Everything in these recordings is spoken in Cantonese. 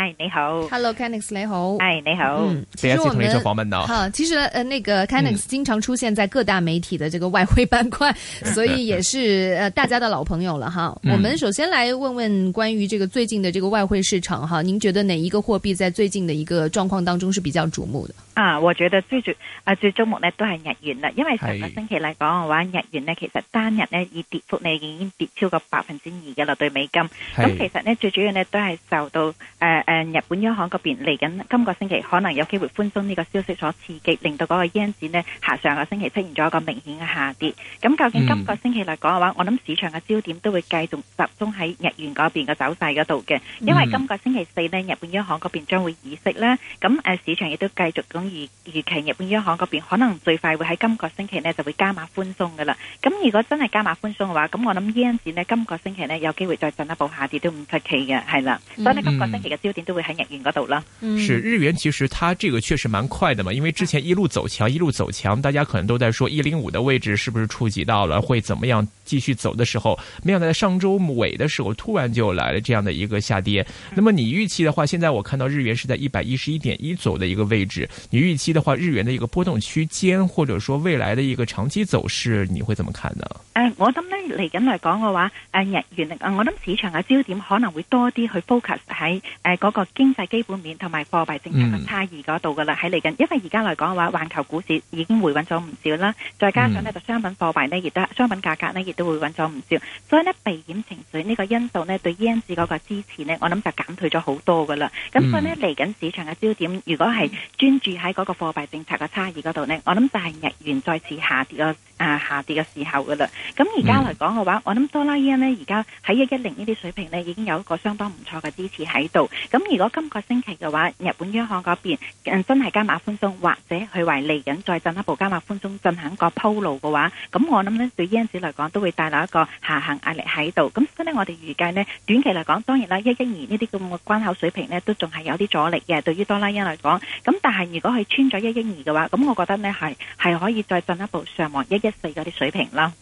嗨，你好，Hello Kenix 你好。嗨，你好。嗯，大家記得推門哦。好、嗯啊，其實，呃，那個、嗯、Kenix 經常出現在各大媒體的這個外匯板塊，所以也是，呃，大家的老朋友了哈。嗯、我們首先來問問關於這個最近的這個外匯市場哈，您覺得哪一個貨幣在最近的一個狀況當中是比較矚目的？啊，我覺得最主，啊，最矚目呢都係日元啦，因為上個星期嚟講嘅話，是日元呢其實單日呢已跌幅呢已經跌超過百分之二嘅啦，對美金。咁是其實呢最主要呢都係受到，誒、呃。誒，日本央行嗰邊嚟緊今個星期可能有機會寬鬆，呢個消息所刺激，令到嗰個 yen 紙咧下上個星期出現咗一個明顯嘅下跌。咁究竟今個星期嚟講嘅話，嗯、我諗市場嘅焦點都會繼續集中喺日元嗰邊嘅走勢嗰度嘅，嗯、因為今個星期四呢，日本央行嗰邊將會議息啦。咁誒、啊、市場亦都繼續咁預預期日本央行嗰邊可能最快會喺今個星期呢就會加碼寬鬆嘅啦。咁如果真係加碼寬鬆嘅話，咁我諗 yen 紙咧今個星期呢有機會再進一步下跌都唔出奇嘅，係啦。嗯、所以呢，今個星期嘅焦焦點都會喺日元嗰度啦。嗯，是日元，其實它這個確實蠻快的嘛，因為之前一路走強，一路走強，大家可能都在說一零五的位置是不是觸及到了，會怎麼樣繼續走的時候，沒想到上周尾的時候突然就來了這樣的一個下跌。那麼你預期的話，現在我看到日元是在一百一十一點一左右的一個位置，你預期的話，日元的一個波動區間，或者說未來的一個長期走勢，你會怎麼看呢？嗯、呃，我諗呢嚟緊來講嘅話，嗯、呃，日元，誒我諗市場嘅焦點可能會多啲去 focus 喺誒。呃嗰個經濟基本面同埋貨幣政策嘅差異嗰度噶啦，喺嚟緊。因為而家嚟講嘅話，環球股市已經回穩咗唔少啦，再加上呢就商品貨幣呢，亦都商品價格呢，亦都回穩咗唔少，所以呢，避險情緒呢個因素呢，對 Yen 嗰個支持呢，我諗就減退咗好多噶啦。咁所以呢嚟緊市場嘅焦點，如果係專注喺嗰個貨幣政策嘅差異嗰度呢，我諗就係日元再次下跌嘅、啊、下跌嘅時候噶啦。咁而家嚟講嘅話，嗯、我諗多拉 Yen 呢而家喺一一零呢啲水平呢，已經有一個相當唔錯嘅支持喺度。咁如果今個星期嘅話，日本央行嗰邊、嗯、真係加碼寬鬆，或者佢為嚟緊再進一步加碼寬鬆進行個鋪路嘅話，咁我諗呢對英子嚟講都會帶來一個下行壓力喺度。咁所以呢，我哋預計呢，短期嚟講，當然啦，一一二呢啲咁嘅關口水平呢都仲係有啲阻力嘅，對於多拉因嚟講。咁但係如果佢穿咗一一二嘅話，咁我覺得呢係係可以再進一步上望一一四嗰啲水平啦。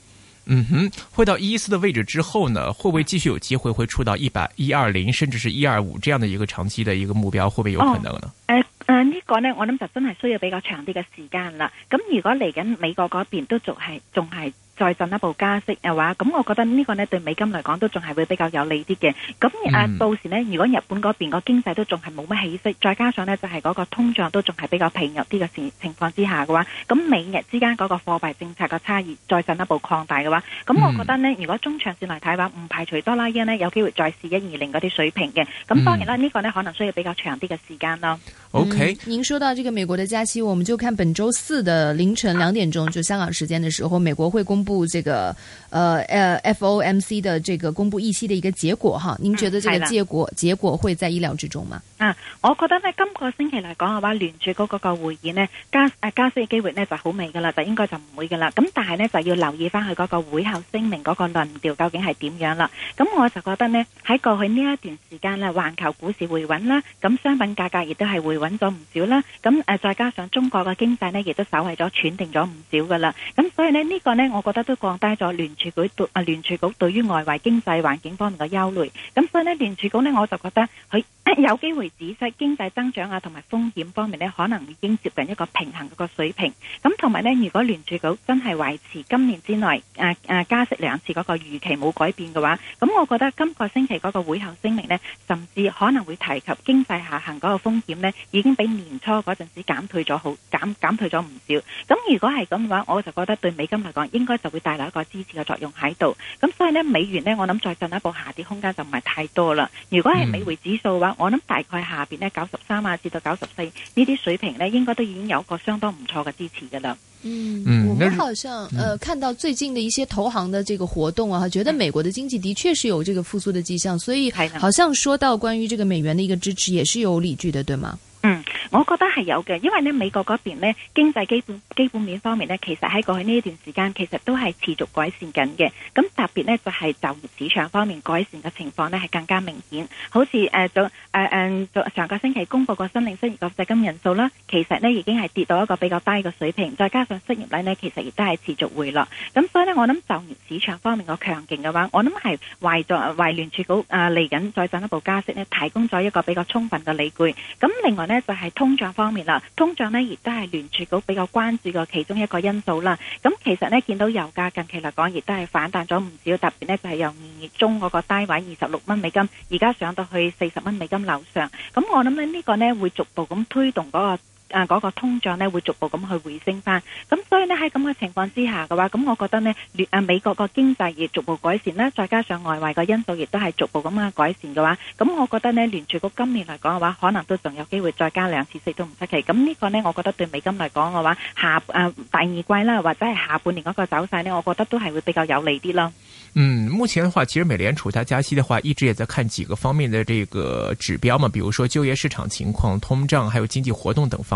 嗯哼，回到一一四的位置之後呢，會不會繼續有機會會觸到一百一二零甚至是一二五這樣的一個長期的一個目標，會不會有可能呢？誒誒、哦，呃呃這個、呢個呢我諗就真係需要比較長啲嘅時間啦。咁如果嚟緊美國嗰邊都仲係仲係，再進一步加息嘅話，咁我覺得呢個呢對美金嚟講都仲係會比較有利啲嘅。咁啊，到時呢，如果日本嗰邊個經濟都仲係冇乜起色，再加上呢就係、是、嗰個通脹都仲係比較疲弱啲嘅情情況之下嘅話，咁美日之間嗰個貨幣政策個差異再進一步擴大嘅話，咁我覺得呢，如果中長線嚟睇嘅話，唔排除多拉 yen 呢有機會再試一二零嗰啲水平嘅。咁當然啦，呢、這個呢可能需要比較長啲嘅時間咯。OK，、嗯、您講到呢個美國嘅加息，我們就看本周四的凌晨兩點鐘，就香港時間嘅時候，美國會公布部這個，呃，FOMC 的這個公布議息的一個結果哈，您覺得這個結果、嗯、結果會在意料之中嗎？啊，我覺得呢，今、這個星期嚟講嘅話，聯儲嗰個會議呢，加誒、啊、加息嘅機會呢就好微噶啦，就應該就唔會噶啦。咁但係呢，就要留意翻佢嗰個會後聲明嗰個論調究竟係點樣啦。咁我就覺得呢，喺過去呢一段時間呢，環球股市回穩啦，咁商品價格亦都係回穩咗唔少啦。咁誒、啊、再加上中國嘅經濟呢，亦都稍為咗喘定咗唔少噶啦。咁所以呢，呢、這個呢。我覺。都降低咗聯儲局對啊聯儲局對於外圍經濟環境方面嘅憂慮，咁所以呢，聯儲局呢，我就覺得佢有機會指出經濟增長啊同埋風險方面呢，可能已經接近一個平衡嗰個水平，咁同埋呢，如果聯儲局真係維持今年之內誒誒、啊、加息兩次嗰個預期冇改變嘅話，咁我覺得今個星期嗰個會後聲明呢，甚至可能會提及經濟下行嗰個風險呢，已經比年初嗰陣時候減退咗好減減退咗唔少。咁如果係咁嘅話，我就覺得對美金嚟講應該。就會帶來一個支持嘅作用喺度，咁所以呢，美元呢，我諗再進一步下跌空間就唔係太多啦。如果係美匯指數嘅話，我諗大概下邊呢，九十三啊至到九十四呢啲水平呢，應該都已經有個相當唔錯嘅支持噶啦。嗯，我們好像，嗯、呃，看到最近的一些投行的這個活動啊，覺得美國的經濟的確是有這個復蘇的跡象，所以好像說到關於這個美元的一個支持，也是有理據的，對嗎？嗯，我覺得係有嘅，因為呢美國嗰邊呢經濟基本基本面方面呢，其實喺過去呢一段時間，其實都係持續改善緊嘅。咁特別呢，就係、是、就業市場方面改善嘅情況呢，係更加明顯。好似誒，就誒誒，上個星期公布個新領失業救濟金人數啦，其實呢已經係跌到一個比較低嘅水平。再加上失業率呢，其實亦都係持續回落。咁所以呢，我諗就業市場方面個強勁嘅話，我諗係為咗為聯儲局誒嚟緊再進一步加息呢，提供咗一個比較充分嘅理據。咁另外呢。呢就係通脹方面啦，通脹呢亦都係聯儲局比較關注嘅其中一個因素啦。咁其實呢，見到油價近期嚟講，亦都係反彈咗唔少，特別呢就係由二月中嗰個低位二十六蚊美金，而家上到去四十蚊美金樓上。咁我諗呢呢個呢會逐步咁推動嗰個。啊！嗰個通脹呢會逐步咁去回升翻，咁所以呢，喺咁嘅情況之下嘅話，咁我覺得呢，啊美國個經濟亦逐步改善啦，再加上外圍個因素，亦都係逐步咁樣改善嘅話，咁我覺得呢，聯儲局今年嚟講嘅話，可能都仲有機會再加兩次息都唔出奇。咁呢個呢，我覺得對美金嚟講嘅話，下啊第二季啦，或者係下半年嗰個走勢呢，我覺得都係會比較有利啲咯。嗯，目前嘅話，其實美聯儲加加息嘅話，一直也在看幾個方面嘅這個指標嘛，比如說就業市場情況、通脹，還有經濟活動等方。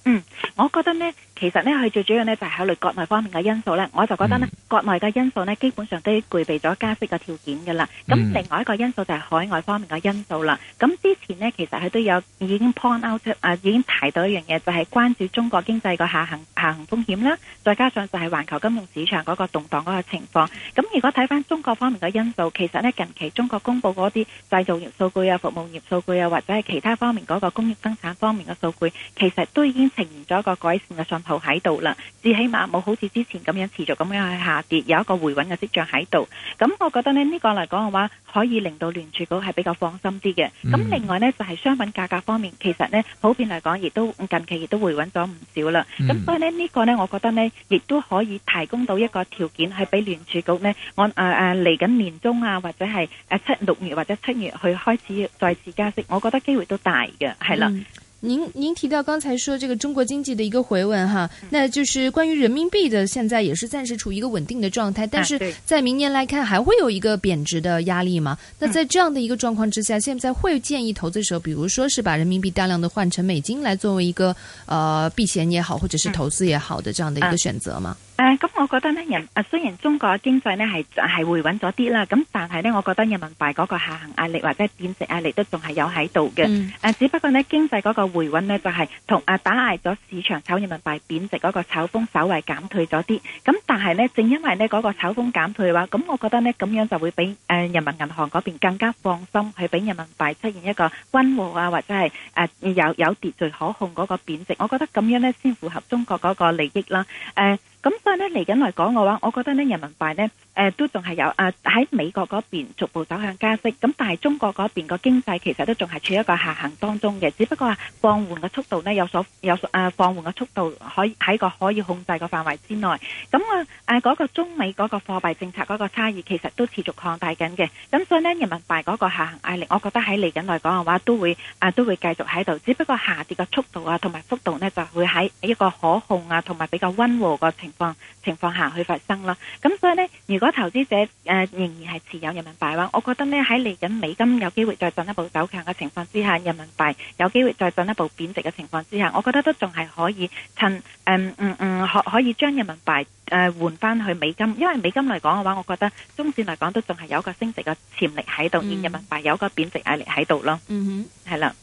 嗯嗯，我覺得呢，其實呢，佢最主要呢，就係、是、考慮國內方面嘅因素呢，我就覺得呢，嗯、國內嘅因素呢，基本上都具備咗加息嘅條件噶啦。咁、嗯、另外一個因素就係海外方面嘅因素啦。咁之前呢，其實佢都有已經 point out 啊，已經提到一樣嘢，就係、是、關注中國經濟嘅下行下行風險啦。再加上就係環球金融市場嗰個動蕩嗰個情況。咁如果睇返中國方面嘅因素，其實呢，近期中國公布嗰啲製造業數據啊、服務業數據啊，或者係其他方面嗰個工業生產方面嘅數據，其實都已經。呈現咗一個改善嘅信號喺度啦，至起碼冇好似之前咁樣持續咁樣去下跌，有一個回穩嘅跡象喺度。咁我覺得呢呢、這個嚟講嘅話，可以令到聯儲局係比較放心啲嘅。咁、嗯、另外呢，就係、是、商品價格方面，其實呢普遍嚟講亦都近期亦都回穩咗唔少啦。咁所以呢呢、這個呢，我覺得呢亦都可以提供到一個條件，係俾聯儲局呢按誒誒嚟緊年中啊，或者係誒、呃、七六月或者七月去開始再次加息，我覺得機會都大嘅，係啦。嗯您您提到剛才說這個中國經濟的一個回穩哈，那就是關於人民幣的，現在也是暫時處於一個穩定的狀態，但是在明年來看還會有一個貶值的壓力嗎？那在這樣的一個狀況之下，現在會建議投資者，比如說是把人民幣大量的換成美金，來作為一個，呃，避險也好，或者是投資也好的這樣的一個選擇嗎？誒、嗯，咁我覺得呢，人，啊雖然中國經濟呢係係回穩咗啲啦，咁但係呢，我覺得人民幣嗰個下行壓力或者貶值壓力都仲係有喺度嘅，誒只不過呢，經濟嗰個。回穩呢，就係同啊打壓咗市場炒人民幣貶值嗰個炒風稍微減退咗啲。咁但係呢，正因為呢嗰個炒風減退嘅話，咁我覺得呢，咁樣就會畀誒人民銀行嗰邊更加放心去俾人民幣出現一個溫和啊，或者係誒有有秩序可控嗰個貶值。我覺得咁樣呢，先符合中國嗰個利益啦。誒。咁所以咧嚟緊來講嘅話，我覺得咧人民幣咧，誒、呃、都仲係有啊喺、呃、美國嗰邊逐步走向加息，咁但係中國嗰邊個經濟其實都仲係處於一個下行當中嘅，只不過放緩嘅速度咧有所有所、呃、放緩嘅速度可以喺個可以控制嘅範圍之內。咁啊誒嗰個中美嗰個貨幣政策嗰個差異其實都持續擴大緊嘅。咁所以咧人民幣嗰個下行壓力，我覺得喺嚟緊來講嘅話都會啊、呃、都會繼續喺度，只不過下跌嘅速度啊同埋幅度咧就會喺一個可控啊同埋比較温和嘅情況情況下去發生咯，咁所以呢，如果投資者誒仍然係持有人民幣嘅話，我覺得呢，喺嚟緊美金有機會再進一步走強嘅情況之下，人民幣有機會再進一步貶值嘅情況之下，我覺得都仲係可以趁，嗯嗯嗯可可以將人民幣誒換翻去美金，因為美金嚟講嘅話，我覺得中綫嚟講都仲係有一個升值嘅潛力喺度，而、嗯、人民幣有一個貶值壓力喺度咯，嗯哼，係啦。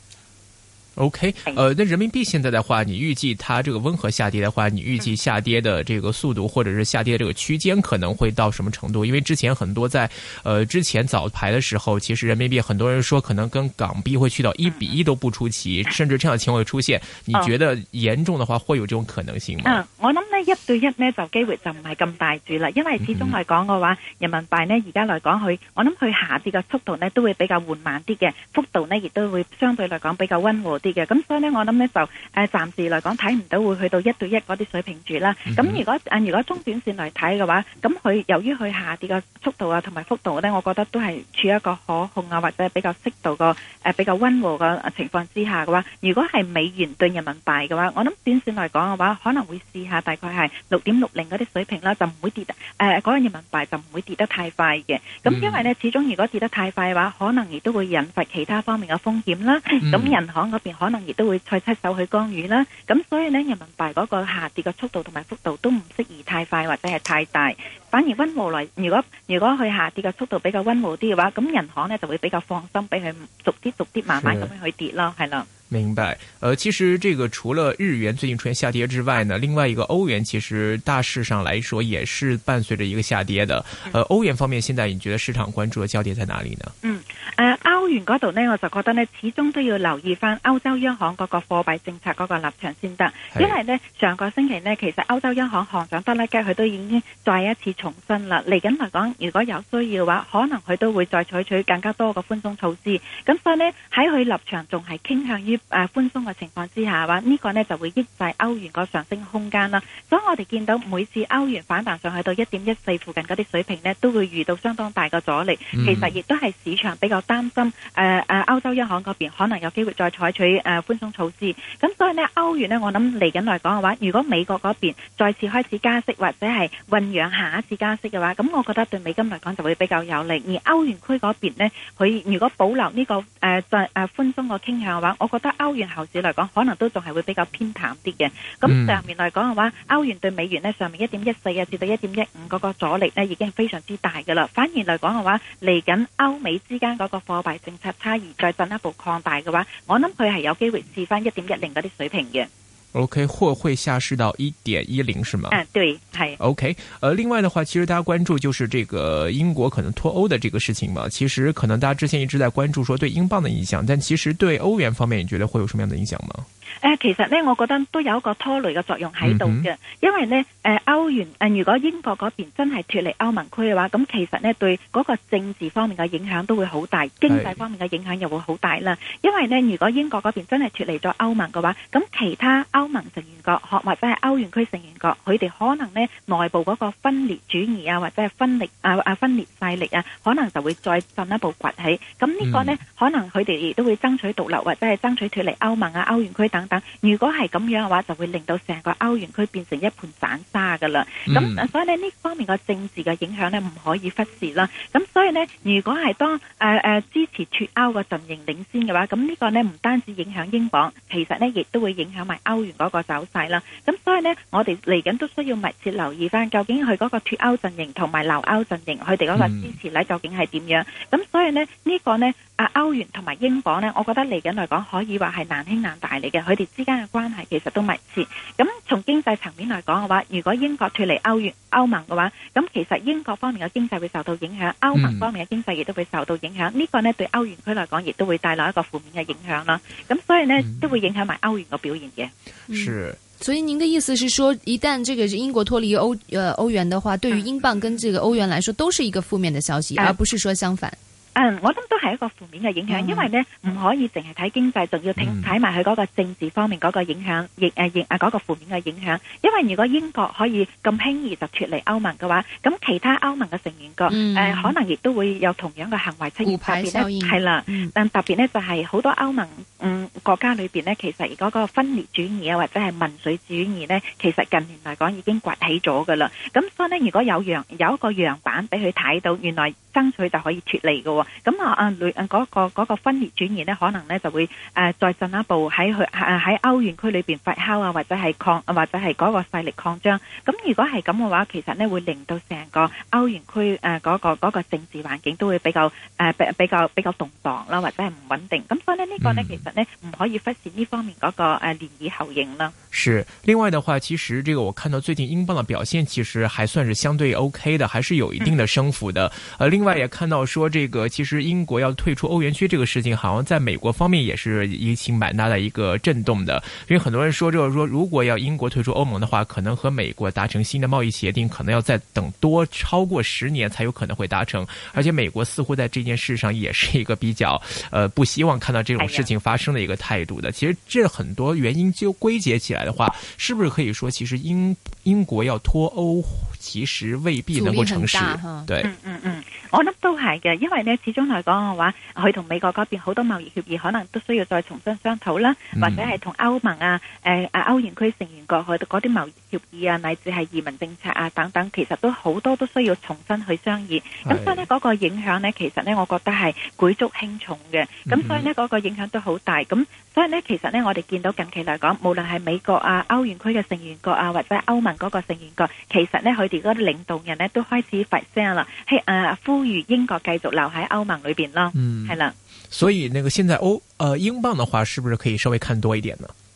O、okay, K，呃，那人民幣現在的話，你預計它這個溫和下跌的話，你預計下跌的這個速度，或者是下跌的這個區間可能會到什麼程度？因為之前很多在，呃，之前早排的時候，其實人民幣很多人說可能跟港幣會去到一比一都不出奇，嗯、甚至這樣的情況會出現，你覺得嚴重的話會有這種可能性嗎？嗯、哦，我諗呢一對一呢就機會就唔係咁大住啦，因為始終嚟講嘅話，嗯、人民幣呢而家嚟講佢，我諗佢下跌嘅速度呢都會比較緩慢啲嘅，幅度呢亦都會相對嚟講比較溫和啲。嘅咁，嗯、所以咧我諗咧就誒暫時嚟講睇唔到會去到一對一嗰啲水平住啦。咁如果誒如果中短線嚟睇嘅話，咁佢由於佢下跌嘅速度啊同埋幅度咧，我覺得都係處於一個可控啊或者比較適度嘅、誒、呃、比較溫和嘅情況之下嘅話，如果係美元對人民幣嘅話，我諗短線嚟講嘅話可能會試下大概係六點六零嗰啲水平啦，就唔會跌誒嗰、呃那個人民幣就唔會跌得太快嘅。咁因為咧始終如果跌得太快嘅話，可能亦都會引發其他方面嘅風險啦。咁人行嗰邊，可能亦都會再出手去干預啦，咁所以呢，人民幣嗰個下跌嘅速度同埋幅度都唔適宜太快或者係太大，反而溫和嚟。如果如果佢下跌嘅速度比較溫和啲嘅話，咁銀行呢就會比較放心，俾佢逐啲逐啲慢慢咁樣去跌咯，係啦是。的明白。誒、呃，其實這個除了日元最近出現下跌之外呢，另外一個歐元其實大勢上來說也是伴隨着一個下跌的。誒、呃，嗯、歐元方面，現在你覺得市場關注嘅焦點在哪裏呢？嗯，誒、呃。嗰度呢，我就覺得呢，始終都要留意翻歐洲央行嗰個貨幣政策嗰個立場先得，因為呢，上個星期呢，其實歐洲央行行長德拉吉，佢都已經再一次重申啦。嚟緊嚟講，如果有需要嘅話，可能佢都會再採取更加多嘅寬鬆措施。咁所以呢，喺佢立場仲係傾向於誒寬鬆嘅情況之下，話、這、呢個呢就會抑制歐元個上升空間啦。所以我哋見到每次歐元反彈上去到一點一四附近嗰啲水平呢，都會遇到相當大嘅阻力。嗯、其實亦都係市場比較擔心。誒誒，歐、呃、洲央行嗰邊可能有機會再採取誒寬鬆措施，咁所以呢，歐元呢，我諗嚟緊來講嘅話，如果美國嗰邊再次開始加息或者係醞釀下一次加息嘅話，咁我覺得對美金嚟講就會比較有利，而歐元區嗰邊呢，佢如果保留呢、這個誒再誒寬鬆個傾向嘅話，我覺得歐元後市嚟講可能都仲係會比較偏淡啲嘅。咁上面嚟講嘅話，歐、嗯、元對美元呢，上面一點一四嘅至到一點一五嗰個阻力呢，已經係非常之大噶啦。反而嚟講嘅話，嚟緊歐美之間嗰個貨幣政策差異再進一步擴大嘅話，我諗佢係有機會試返一點一零嗰啲水平嘅。O K，或會下試到一點一零，是嗎？嗯，uh, 對，係。O、okay, K，呃，另外的話，其實大家關注就是這個英國可能脫歐的這個事情嘛。其實可能大家之前一直在關注，說對英鎊的影響，但其實對歐元方面，你覺得會有什麼樣的影響嗎？誒、呃，其實咧，我覺得都有一個拖累嘅作用喺度嘅，嗯、哼因為咧，誒、呃，歐元誒、呃，如果英國嗰邊真係脫離歐盟區嘅話，咁其實咧對嗰個政治方面嘅影響都會好大，經濟方面嘅影響又會好大啦。是因為咧，如果英國嗰邊真係脫離咗歐盟嘅話，咁其他歐盟成員國或者係歐元區成員國，佢哋可能咧內部嗰個分裂主義啊，或者係分裂啊啊分裂勢力啊，可能就會再進一步崛起。咁呢個呢，嗯、可能佢哋亦都會爭取獨立或者係爭取脫離歐盟啊、歐元區等。等等，如果係咁樣嘅話，就會令到成個歐元區變成一盤散沙噶啦。咁、嗯、所以呢呢這方面嘅政治嘅影響呢，唔可以忽視啦。咁所以呢，如果係當誒誒、呃呃、支持脫歐嘅陣營領先嘅話，咁、這、呢個呢唔單止影響英鎊，其實呢亦都會影響埋歐元嗰個走勢啦。咁所以呢，我哋嚟緊都需要密切留意翻，究竟佢嗰個脫歐陣營同埋留歐陣營佢哋嗰個支持呢究竟係點樣？咁、嗯、所以呢，呢、這個呢。啊，歐元同埋英鎊呢，我覺得嚟緊嚟講可以話係難兄難弟嚟嘅，佢哋之間嘅關係其實都密切。咁從經濟層面嚟講嘅話，如果英國脫離歐元歐盟嘅話，咁其實英國方面嘅經濟會受到影響，歐盟方面嘅經濟亦都會受到影響。呢、嗯、個呢對歐元區嚟講亦都會帶來一個負面嘅影響啦。咁所以呢，都會影響埋歐元嘅表現嘅。是，嗯、所以您的意思是說，一旦這個英國脫離歐呃歐元嘅話，對於英鎊跟這個歐元來說，都是一個負面嘅消息，對而不是說相反。嗯，um, 我諗都係一個負面嘅影響，嗯、因為呢唔可以淨係睇經濟，仲、嗯、要睇埋佢嗰個政治方面嗰個影響，亦誒亦誒個負面嘅影響。因為如果英國可以咁輕易就脫離歐盟嘅話，咁其他歐盟嘅成員國誒、嗯呃、可能亦都會有同樣嘅行為出現，特別呢係啦。嗯、但特別呢就係、是、好多歐盟嗯。國家裏邊呢，其實如果個分裂主義啊，或者係民粹主義呢，其實近年嚟講已經崛起咗噶啦。咁所以呢，如果有樣有一個樣板俾佢睇到，原來爭取就可以脫離嘅、哦。咁啊啊，嗰、那個嗰、那個分裂主義呢，可能呢就會誒、呃、再進一步喺佢喺歐元區裏邊發酵啊，或者係擴或者係嗰個勢力擴張。咁如果係咁嘅話，其實呢會令到成個歐元區誒嗰、呃那個嗰、那個政治環境都會比較誒、呃、比較比較動盪啦、啊，或者係唔穩定。咁所以呢，呢、這個呢，其實呢。可以發現呢方面嗰個呃連帶效應呢。是另外的話，其實這個我看到最近英鎊的表現其實還算是相對 O、OK、K 的，還是有一定的升幅的。嗯、呃，另外也看到說這個其實英國要退出歐元區這個事情，好像在美國方面也是引起蠻大的一個震動的。嗯、因為很多人說、這個，就是說如果要英國退出歐盟的話，可能和美國達成新的貿易協定，可能要再等多超過十年才有可能會達成。而且美國似乎在這件事上，也是一個比較呃，不希望看到這種事情發生的一個態態度的，其實這很多原因就歸結起來的話，是不是可以說，其實英英國要脫歐？其實未必能夠成事，對，嗯嗯嗯，我諗都係嘅，因為呢始終嚟講嘅話，佢同美國嗰邊好多貿易協議可能都需要再重新商討啦，嗯、或者係同歐盟啊，誒誒歐元區成員國佢嗰啲貿易協議啊，乃至係移民政策啊等等，其實都好多都需要重新去商議。咁是所以呢，嗰個影響呢，其實呢，我覺得係舉足輕重嘅，咁所以呢，嗰、嗯、個影響都好大咁。所以咧，其實咧，我哋見到近期嚟講，無論係美國啊、歐元區嘅成員國啊，或者歐盟嗰個成員國，其實咧，佢哋嗰啲領導人咧都開始發聲啦，希誒、呃、呼籲英國繼續留喺歐盟裏邊咯，嗯係啦。是的所以，那個現在歐誒、呃、英鎊嘅話，是不是可以稍微看多一點呢？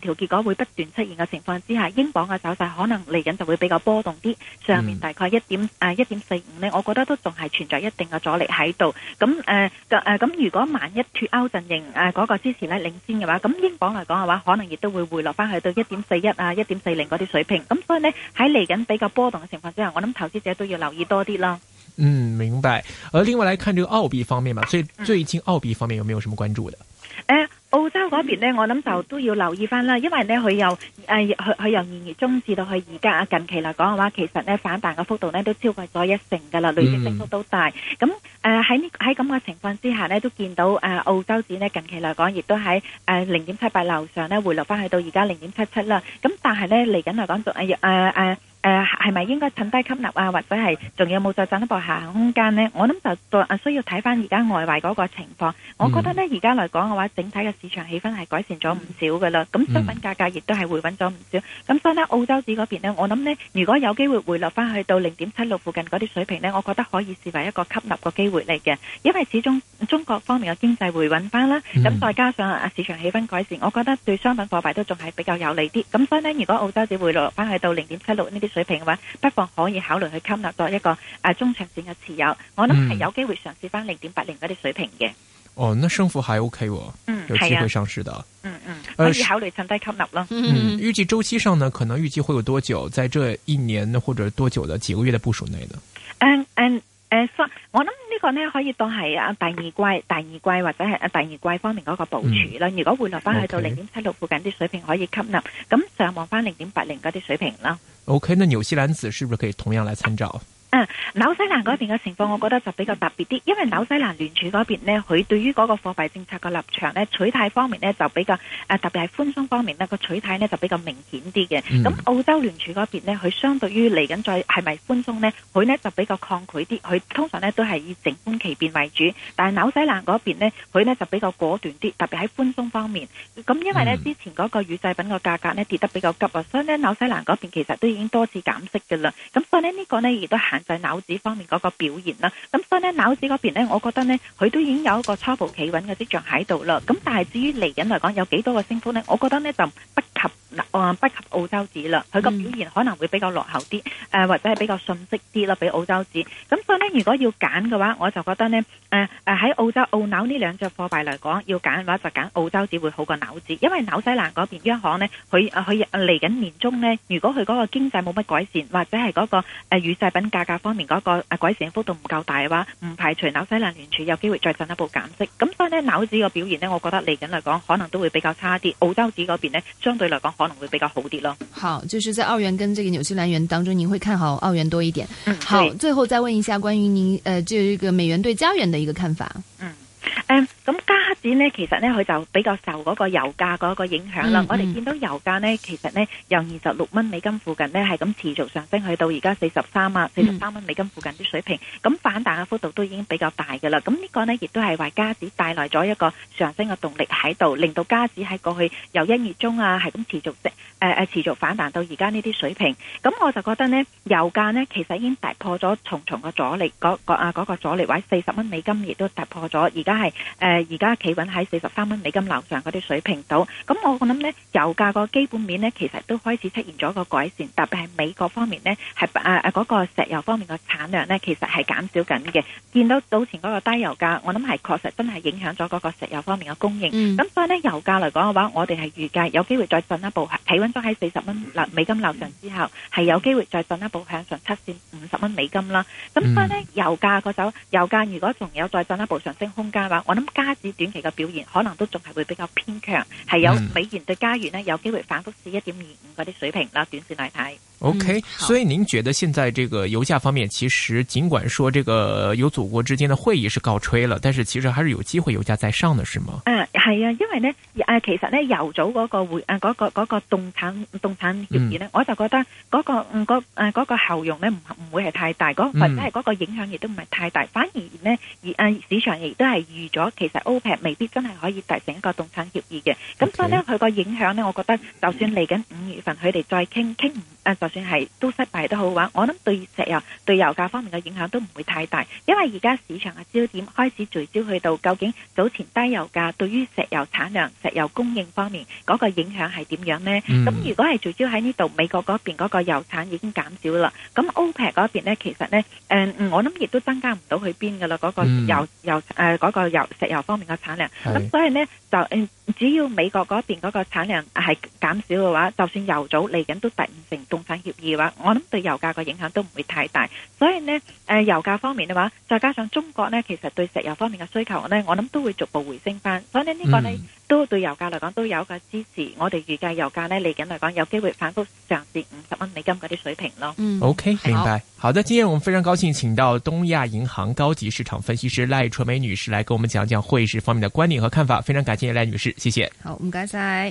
調結果會不斷出現嘅情況之下，英鎊嘅走勢可能嚟緊就會比較波動啲。上面大概一點誒一點四五呢，我覺得都仲係存在一定嘅阻力喺度。咁誒誒咁，如果萬一脫歐陣營誒嗰、呃那個支持咧領先嘅話，咁英鎊嚟講嘅話，可能亦都會回落翻去到一點四一啊一點四零嗰啲水平。咁、嗯、所以呢，喺嚟緊比較波動嘅情況之下，我諗投資者都要留意多啲咯。嗯，明白。而另外嚟看呢個澳幣方面嘛，最最近澳幣方面有冇有什麼關注的？嗯嗰邊咧，我諗就都要留意翻啦，因為咧佢又誒佢佢由二月中至到佢而家近期嚟講嘅話，其實咧反彈嘅幅度咧都超過咗一成㗎啦，累積升幅都大。咁誒喺呢喺咁嘅情況之下咧，都見到誒澳洲指咧近期嚟講亦都喺誒零點七八樓上咧回落翻去到而家零點七七啦。咁但係咧嚟緊嚟講仲誒誒誒。誒係咪應該趁低吸納啊？或者係仲有冇再進一步下行空間呢？我諗就需要睇翻而家外圍嗰個情況。我覺得呢，而家嚟講嘅話，整體嘅市場氣氛係改善咗唔少嘅啦。咁商品價格亦都係回穩咗唔少。咁所以呢，澳洲紙嗰邊呢，我諗呢，如果有機會回落翻去到零點七六附近嗰啲水平呢，我覺得可以視為一個吸納個機會嚟嘅。因為始終中國方面嘅經濟回穩翻啦，咁再加上啊市場氣氛改善，我覺得對商品貨幣都仲係比較有利啲。咁所以呢，如果澳洲紙回落翻去到零點七六呢啲，水平嘅話，不妨可以考慮去吸納多一個誒、呃、中長線嘅持有。我諗係有機會嘗試翻零點八零嗰啲水平嘅。哦，那升幅還 OK 喎、哦，嗯，有機會上市。的。嗯、啊、嗯，嗯呃、可以考慮趁低吸納咯。 嗯，預計周期上呢，可能預計會有多久？在這一年或者多久的幾個月嘅部署內呢？嗯嗯。嗯誒，我諗呢個呢可以當係啊第二季，第二季或者係啊第二季方面嗰個部署啦。嗯、如果回落翻去到零點七六附近啲水平，可以吸納。咁上望翻零點八零嗰啲水平啦。OK，OK，那紐西蘭子是不是可以同樣來參照？嗯，紐西蘭嗰邊嘅情況，我覺得就比較特別啲，因為紐西蘭聯儲嗰邊咧，佢對於嗰個貨幣政策嘅立場呢，取態方面、啊、方面呢，就比較，誒特別係寬鬆方面呢，個取態呢就比較明顯啲嘅。咁、嗯、澳洲聯儲嗰邊咧，佢相對於嚟緊再係咪寬鬆呢，佢呢就比較抗拒啲，佢通常呢都係以靜觀其變為主。但係紐西蘭嗰邊咧，佢呢就比較果斷啲，特別喺寬鬆方面。咁因為呢、嗯、之前嗰個乳製品嘅價格呢跌得比較急啊，所以呢紐西蘭嗰邊其實都已經多次減息嘅啦。咁不過咧呢個呢，亦都限。就係紐紙方面嗰個表現啦，咁所以呢，紐紙嗰邊呢，我覺得呢，佢都已經有一個初步企穩嘅跡象喺度啦。咁但係至於嚟緊嚟講有幾多個升幅呢？我覺得呢，就不及啊、呃、不及澳洲紙啦，佢個表現可能會比較落後啲，誒、呃、或者係比較遜色啲咯，比澳洲紙。咁所以呢，如果要揀嘅話，我就覺得呢，誒誒喺澳洲澳紐呢兩隻貨幣嚟講，要揀嘅話就揀澳洲紙會好過紐紙。因為紐西蘭嗰邊央行呢，佢佢嚟緊年中呢，如果佢嗰個經濟冇乜改善，或者係嗰個乳製品價價方面嗰個誒，改善幅度唔夠大嘅話，唔排除紐西蘭聯儲有機會再進一步減息。咁所以咧，紐子嘅表現呢，我覺得嚟緊嚟講，可能都會比較差啲。澳洲紙嗰邊呢，相對嚟講可能會比較好啲咯。好，就是在澳元跟這個紐西蘭元當中，您會看好澳元多一點。嗯，好，是最後再問一下關於您誒，這個美元對加元的一個看法。嗯。呢其實呢佢就比較受嗰個油價嗰個影響啦。我哋見到油價呢，其實呢由二十六蚊美金附近呢係咁持續上升，去到而家四十三啊，四十三蚊美金附近啲水平，咁反彈嘅幅度都已經比較大嘅啦。咁呢個呢亦都係為加紙帶來咗一個上升嘅動力喺度，令到加紙喺過去由一月中啊，係咁持續升，誒誒持續反彈到而家呢啲水平。咁我就覺得呢，油價呢其實已經突破咗重重嘅阻力，嗰嗰啊嗰個阻力位四十蚊美金亦都突破咗，而家係誒而家企，喺四十三蚊美金樓上嗰啲水平度，咁我諗呢油價個基本面呢，其實都開始出現咗個改善，特別係美國方面呢，係誒誒個石油方面嘅產量呢，其實係減少緊嘅。見到早前嗰個低油價，我諗係確實真係影響咗嗰個石油方面嘅供應。咁、嗯、所以呢，油價嚟講嘅話，我哋係預計有機會再進一步係企穩都喺四十蚊美金樓上之後，係有機會再進一步向上七線五十蚊美金啦。咁、嗯、所以呢，油價個走，油價如果仲有再進一步上升空間嘅話，我諗加紙短期。嘅表現可能都仲係會比較偏強，係有美元對加元呢，有機會反覆至一點二五嗰啲水平啦。嗯、短線嚟睇，OK。所以您覺得現在這個油價方面，其實，儘管說這個有祖國之間的會議是告吹了，但是其實還是有機會油價再上的，是嗎？嗯。係啊，因為咧，誒，其實咧，由早嗰個會，誒、啊，嗰、那個嗰、那個凍產凍產協議咧，嗯、我就覺得嗰、那個嗯，誒、那個效、啊那個、用咧唔唔會係太大，那個、或者係嗰個影響亦都唔係太大，反而咧，而、啊、誒市場亦都係預咗，其實 OPEC 未必真係可以達成一個凍產協議嘅。咁 Okay. 所以咧，佢個影響咧，我覺得就算嚟緊五月份佢哋再傾傾唔。誒，就算係都失敗都好啊！我諗對石油、對油價方面嘅影響都唔會太大，因為而家市場嘅焦點開始聚焦去到究竟早前低油價對於石油產量、石油供應方面嗰、那個影響係點樣呢？咁、嗯、如果係聚焦喺呢度，美國嗰邊嗰個油產已經減少啦，咁 OPEC 嗰邊咧其實呢，誒、呃，我諗亦都增加唔到去邊噶啦，嗰、那個油、嗯、油誒嗰、呃那個、油石油方面嘅產量。咁是所以呢，就只、呃、要美國嗰邊嗰個產量係減少嘅話，就算油組嚟緊都突唔成。凍產協議嘅話，我諗對油價嘅影響都唔會太大，所以呢，誒、呃，油價方面嘅話，再加上中國呢，其實對石油方面嘅需求呢，我諗都會逐步回升翻，所以呢，呢個呢，嗯、都對油價嚟講都有一個支持。我哋預計油價呢，嚟緊嚟講有機會反覆上至五十蚊美金嗰啲水平咯。嗯，OK，明白。好，好的，今天我們非常高興請到東亞銀行高級市場分析師賴春梅女士嚟跟我們講講匯市方面的觀點和看法。非常感謝賴女士，謝謝。好，唔該晒。